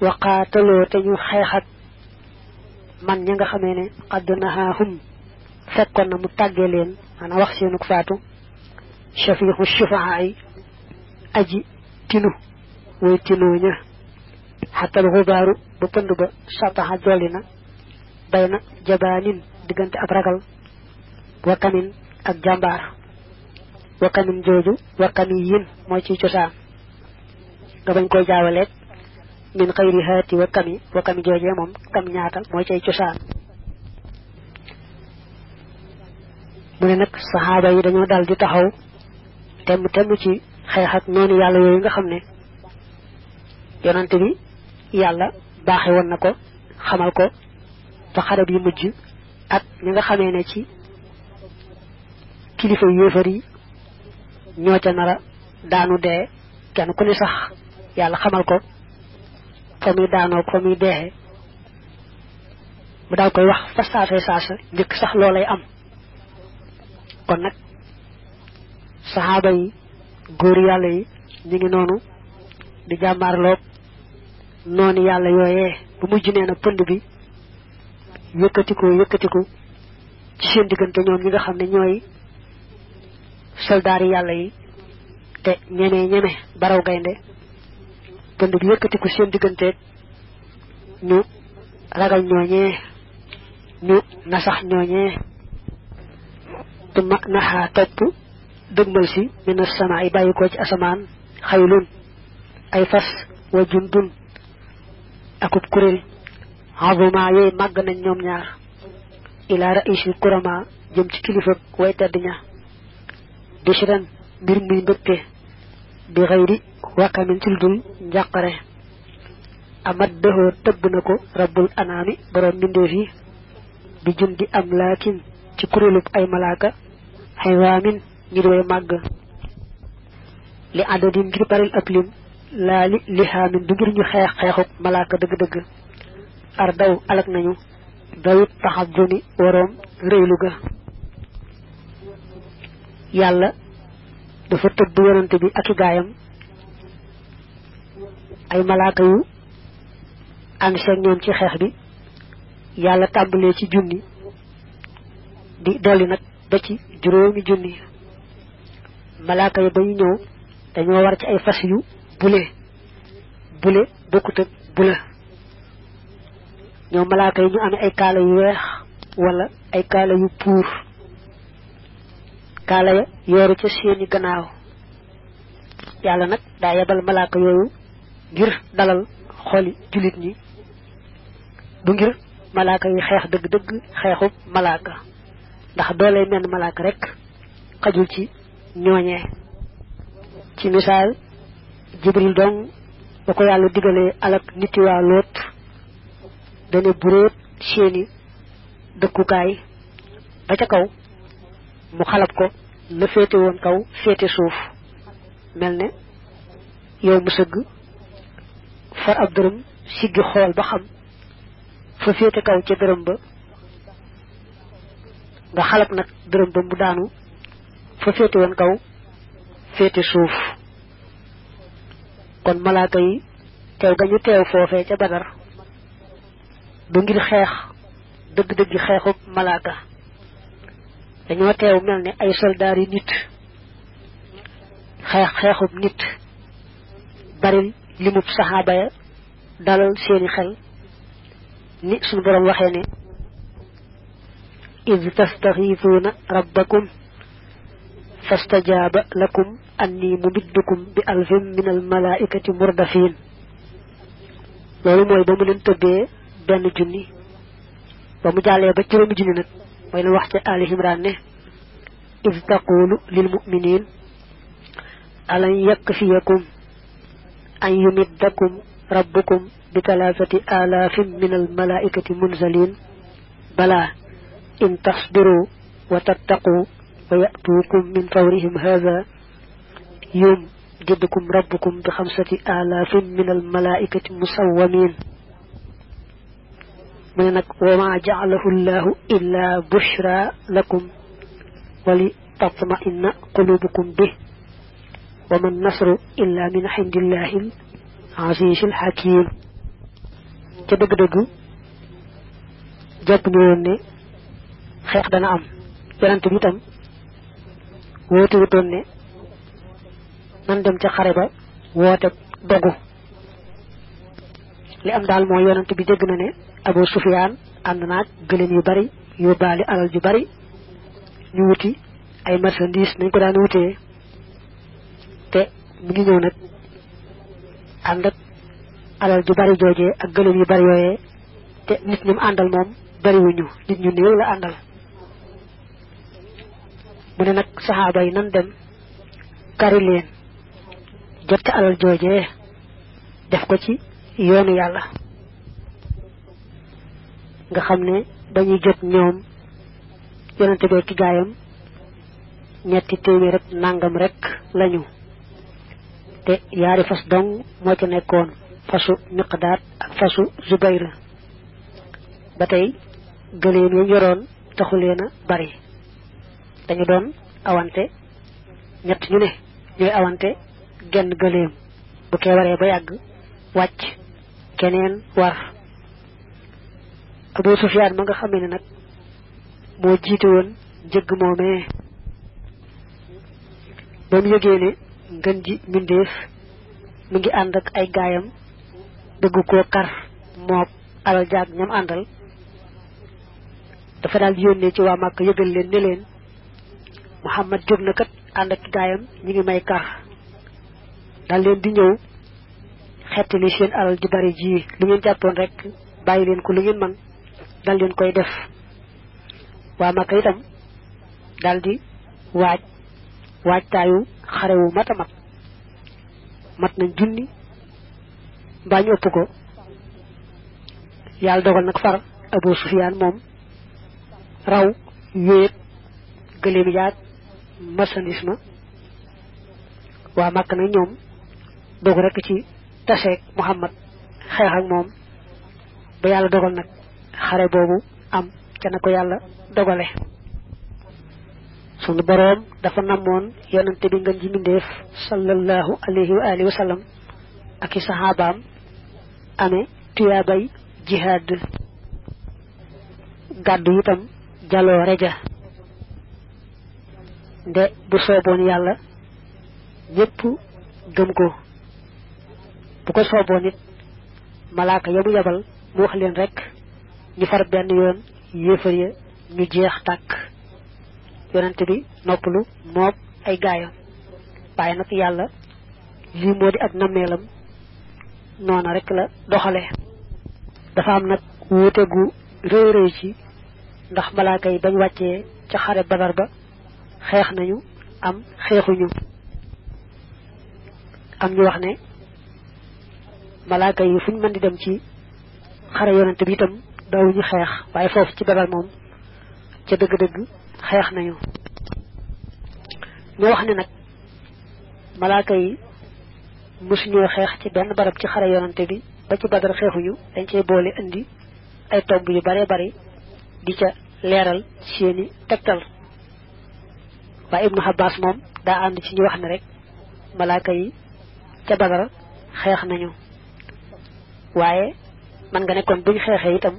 waqaataloo te ñu xeexat man ña nga xamee ne hum nahaahum fekkoon na mu tàggee leen maanaam wax seenuk aji tinu way tinunya xatal xubaaru ba pënd ba sataxa dolli na bay na jabaanin diggante ab ragal wakanin ak jàmbaar wakamin jooju wakami yin moo ciy cosaan bañ koy min xayri hati wa kami wa kami jooje mom kam ñaata mooy cey ciosan mune nak sahaba yi dañu dal di taxaw temm temm ci xeex ak noonu yàlla yooyu nga xamne yonante bi yalla baxé won nako xamal ko ba xara bi mujj ak ñi nga xamé ne ci kilifa yi nara daanu de kenn ku ni sax yalla xamal ko te muy daanoo ko mu daal koy wax fa saasay saasa njëkk sax loolay am kon nag saxaaba yi góor yàlla yi ñu ngi noonu di jàmmaarloog noonu yàlla yooyee bu mujj nee na pënd bi yëkkatiku yëkkatiku ci seen diggante ñoom ñi nga xam ne ñooy soldaari yàlla yi te ñeme ñeme baraw gaynde pënd gi yëkkatiku seen digganteeg ñu ragal ñooñee ñu nasax ñooñee te ma topp dëgmal si minasana sama ay bàyyi ko ci asamaan xaylun ay fas wa jundun akub kuréel azuma yooyu màgg nañ ñoom ñaar ila raisi kurama jëm ci kilifa way tedd ña di shiran mbir muy bi wakamin ci dul njàqare amat dëxoo tëbb na ko rabbul anaami borom mbindeef fi bi jun di am laakin ci kuréelub ay malaaka xaywaamin ngir way màgg li adadin ngir baril ab lim laa li lihaamin du ngir ñu xeex xeexuk malaaka dëgg-dëgg ar daw alak nañu dawit taxabuni waroom réylu ga yàlla dafa tëdd yonante bi ak gaayam ay malaaka yu and seen ñoom ci xeex bi yàlla tàmbalee ci junni di dolli nag ba ci juróomi junni malaaka yu ya ba ñu ñëw dañoo war ci ay fas yu bule bule bokkut ak bula ñoo malaaka yi ñu am ay kaala yu weex wala ay kaala yu puur kaala ya yooru ca seeni gannaaw yàlla nag daa yebal malaaka yooyu ngir dalal xoli jullit ñi du ngir malaaka yi xeex dëgg-dëgg xeexub malaaka ndax doole menn malaaka rek xajul ci ñooñee ci misaal jibril dong ba ko yàlla digalee alak niti waa loot dana buréet seeni dëkkukaay ba ca kaw mu xalab ko la féete woon kaw féete suuf mel ne yow mu sëgg far ab dërëm siggi xool ba xam fa féete kaw ca dërëm ba nga xalat nag dërëm ba mu daanu fa féete woon kaw féete suuf kon malaaka yi teew ga ñu teew foofee ca badar du ngir xeex dëgg-dëgg xeexub malaaka dañoo teew mel ne ay soldaar nit xeex xeexub nit baril limu sahaba ya dalal seeni xel ni suñu borom waxe ni iz tastaghithuna rabbakum fastajaba lakum anni mumiddukum bi alfin min almalaikati murdafin moy bamu len mu ben tëbbee bamu junni ba ci jàllee ba nak junni nag wax ci ali imran ne iz taqulu lil muminin alan yakfiyakum أن يمدكم ربكم بثلاثة آلاف من الملائكة منزلين بلى إن تصبروا وتتقوا ويأتوكم من فورهم هذا يوم جدكم ربكم بخمسة آلاف من الملائكة مسومين وما جعله الله إلا بشرى لكم ولتطمئن قلوبكم به وما النصر إلا من عند الله العزيز الحكيم ca dëgg dëgg jàpp ñu woon ne xeex dana am yonante bi itam woote wutoon ne nan dem ca xare ba woote dogu li am daal mooy yonante bi dégg na ne Abu Sufyaan ànd naag gëléem yu bari yóbbaale alal ju bari ñu wuti ay marchandise nañ ko daan wutee te mu ngi ñëw nag ànd ak alal ju bari joojee ak gëlëm yu bari yooyee te nit ñum àndal moom wuñu nit ñu néew la àndal mu ne nag saxaaba yi nan dem kari leen jot ca alal joojee def ko ci yoonu yàlla nga xam ne dañuy jot ñoom yonante bee ki gaayam ñetti téeméer rek nangam rek lañu te yaari fas dong moo ci nekkoon fasu miqdaat ak fasu Zubair, ba tey gëleen ya yoroon taxu bari dañu doon awante ñett ñu ne ñooy awante genn gëleem bu kee waree ba yàgg wàcc keneen war abu sufyaan ma nga xamee ne nag moo jiite woon jëgg moomee ba mu yëgee ngën ji mbindeef mi ngi ànd ak ay gaayam dëgg koo kar moob alal jaag ñam àndal dafa daal yónnee ci waa màkk yëgal leen ne leen muhammad jóg na kat ànd ak gaayam ñi ngi may kar daal leen di ñëw li seen alal ji bari ji lu ngeen jàppoon rek bàyyi leen ko lu ngeen man dal leen koy def waa màkk itam daal di waaj waajtaayu xare wu mat a mat mat nañ junni mbaa ñu ëpp ko yàlla dogal nag far Abu Sufyaan moom raw yéeg gëléem yaag marchandise ma waa màkk nañ ñoom dogu rekk ci taseeg Muhammad xeex ak moom ba yàlla dogal nag xare boobu am ca na ko yàlla dogale sunu borom dafa namoon yonante bi ngeen ji mindeef sallallahu alayhi wa alihi wa sallam ak ane, sahabaam amee jihad, jihaad jaloreja, itam jalo reja nde bu sooboon yalla ñepp gëm ko bu ko sooboon it malaaka yamu yabal mu wax leen rek ñu far benn yoon yéefar ya ñu jeex tàkk yonent bi noppalu moog ay gaayam waaye nag yàlla lii moo di ak nammeelam noona rek la doxale dafa am nag wuute gu rëy rëy ci ndax malaaka yi bañ wàccee ca xare badar ba xeex nañu am xeexuñu am ñu wax ne malaaka yi fu ñu mën di dem ci xare yonent bi itam daawuñu xeex waaye foofu ci badar moom ca dëgg-dëgg xex nañu ñu wax ne nag malaaka yi mësuñoo xeex ci benn barab ci xare yonante bi ba ci badar xeexuñu dañ cey boole indi ay tomb yu bare bari di ca leeral seeni tegtal waaye ibnu xabaas moom daa ànd ci ñu wax ne rek malaaka yi ca badar xeex nañu waaye man nga ne buñ xeexee itam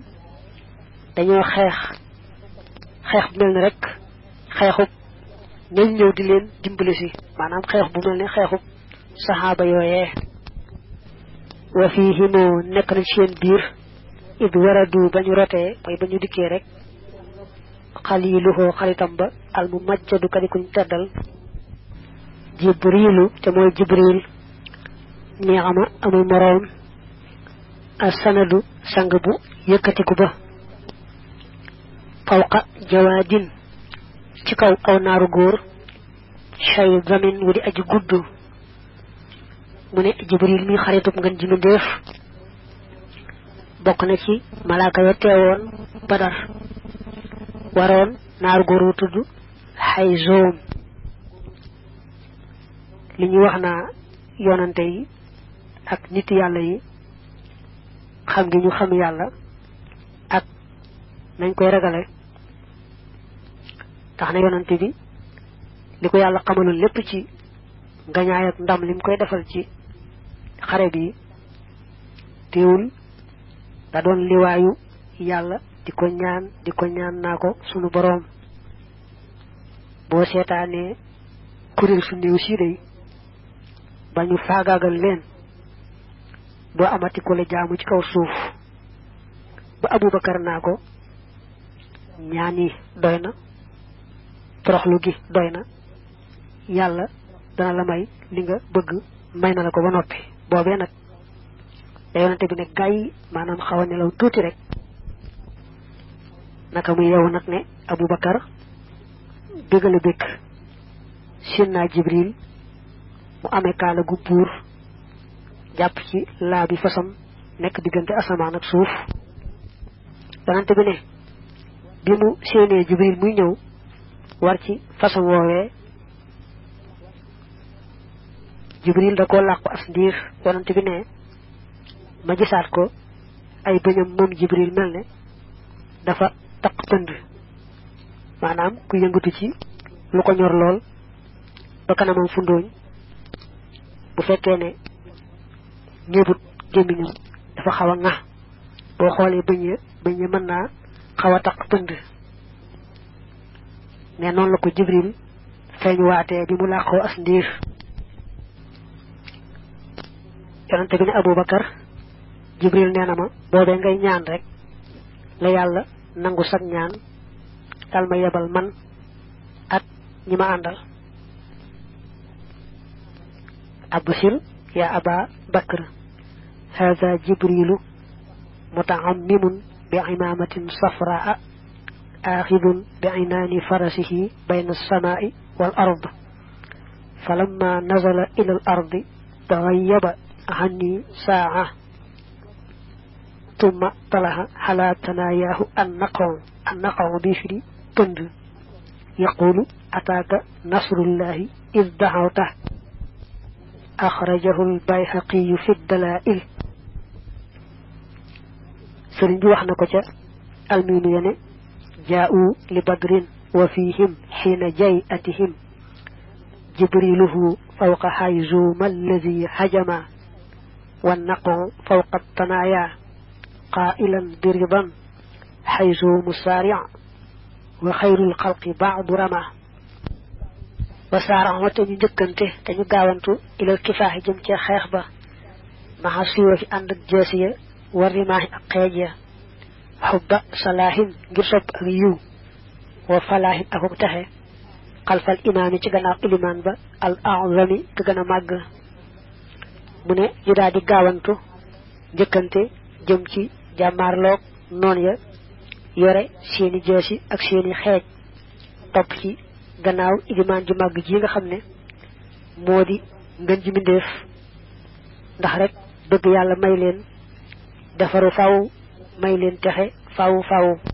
dañoo xeex xeex mel ne rek xexu ñay ñew di leen dimbali ci manam xex bu melni xexu sahaba yoyé wa fihim nek na ci seen bir id waradu bañu roté moy bañu diké rek khaliluhu khalitam ba al mumajjadu kadi kuñ teddal jibrilu te moy jibril ni ama amul morom asanadu sang bu yëkati ku ba fawqa jawadin ci kaw aw naaru goor shay zamin wu aji guddu mu ne jibril mi xaritub ngeen ji def bok na ci malaka yo ya teewon badar waron naaru goor wu tuddu xay zoom li ñu wax na yonante yi ak nit yalla yi xam gi ñu xam yalla ak nañ koy ragale tax na yonante bi li ko yàlla xamalul lépp ci gañaay ak ndam lim koy defal ci xare bi teewul da doon liwaayu yàlla di ko ñaan di ko ñaan naa ko sunu boroom boo seetaanee kuréel su néew sii day ba ñu faagaagal leen amati ko la jaamu ci kaw suuf ba abubakar naa ko ñaan yi lu gi doyna yalla yàlla dana la may li nga bëgg may na la ko ba noppi boobee nag la yonante bi ne gàyyi maanaam xaw a nelaw tuuti rek naka muy yow nag ne abubakar bégala békk sin jibril mu amé kala gu buur japp ci la bi fasam nek digënté asamaan ak suuf bi ne bi mu jibril muy ñëw war ci façon woowee jibril da ko làqu as ndiir yonante bi ne ma gisaat ko ay moom jibril mel ne dafa taq tënd maanaam ku yëngatu ci lu ko ñor lool ba kanamam fundooñ bu fekkee ne ñëbut gémmiñam dafa xaw a ŋa boo xoolee bëñ ya bëñ ya mën ne non la ko jibril feeñ waté bi mu laxo as ndiif yonante bi abou bakkar jibril neena na ma boobee ngay ñaan rek la yalla nangu sag ñaan dal ma yebal man at ñima andal àndal abusir ya aba bakr هذا mutaammimun bi imamatin safraa آخذ بعنان فرسه بين السماء والأرض فلما نزل إلى الأرض تغيب عني ساعة ثم طلع على تناياه النقع النقع بشري تند يقول أتاك نصر الله إذ دعوته أخرجه البيهقي في الدلائل سرنجي وحنا كتا الميم يعني جاءوا لبدر وفيهم حين جيئتهم جبريله فوق حيزوم الذي هجم والنقع فوق الطنايا قائلا برضا حيزوم السارع وخير الخلق بعض رمى وسارع وتني جكنته تني قاونتو الى الكفاح جمتي خيخبة مع سيوه اندك جاسيه ورماه اقيجيه xubba salaahin ngir sopp ak yiw wa falaahin akuk texe xalfal imaami ci gannaaw ilimaan ba al azami ka gën a màgg mu ne ñu daal di gaawantu njëkkante jëm ci jàmmaarloog noon ya yore seeni jeesi ak seeni xeej topp ci gannaaw ilimaan ju màgg ji nga xam ne moo di ngën ji mbindeef ndax rek bëgg yàlla may leen defaru faw may leen texe faw faw